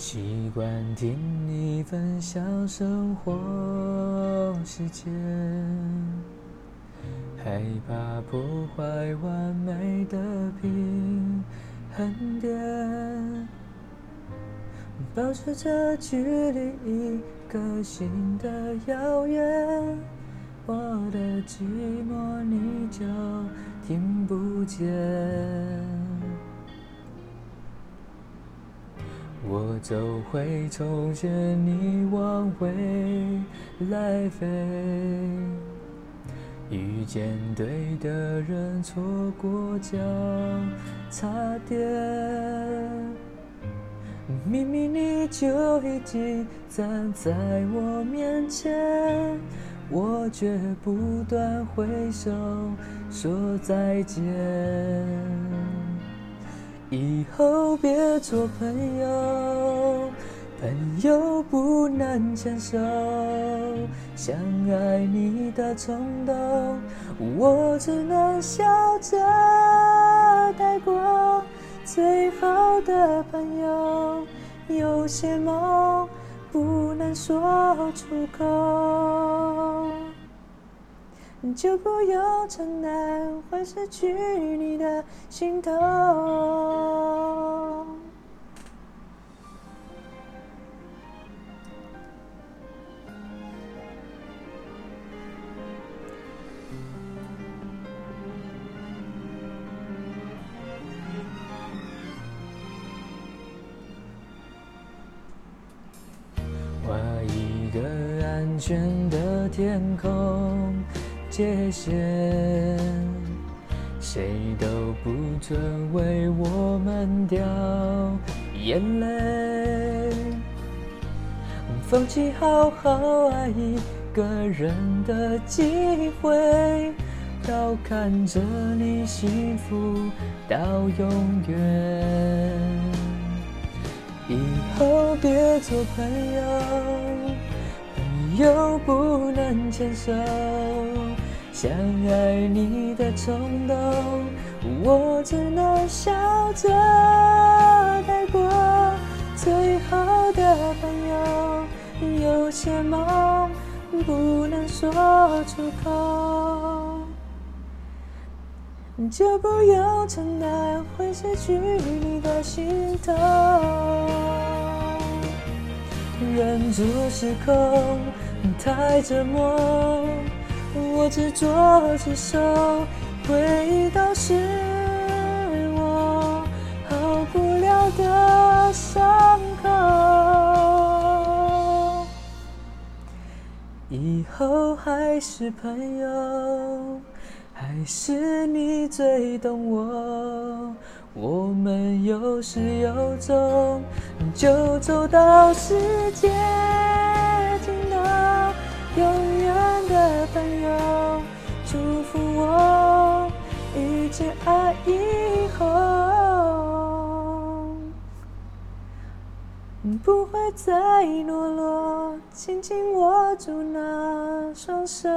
習慣聽你分享生活細節，害怕破壞完美的平衡點，保持着距離，一顆心的遙遠，我的寂寞你就聽不見。我走回從前，你往未來飛。遇見對的人，錯過交叉點。明明你就已經站在我面前，我卻不斷揮手說再見。以後別做朋友，朋友不能牽手，想愛你的衝動，我只能笑着帶過。最好的朋友，有些夢不能說出口。就不用承擔會失去你的心痛。劃一個安全的天空界線，誰都不准為我們掉眼淚。放棄好好愛一個人的機會，要看着你幸福到永遠。以後別做朋友，朋友不能牽手。想愛你的衝動，我只能笑着帶過。最好的朋友，有些夢不能說出口，就不用承擔會失去你的心痛。忍住失控，太折磨。我自作自受，回憶都是我好不了的傷口。以後還是朋友，還是你最懂我。我們有始有終，就走到世界盡頭。愛以後，不會再懦弱，緊緊握住那雙手。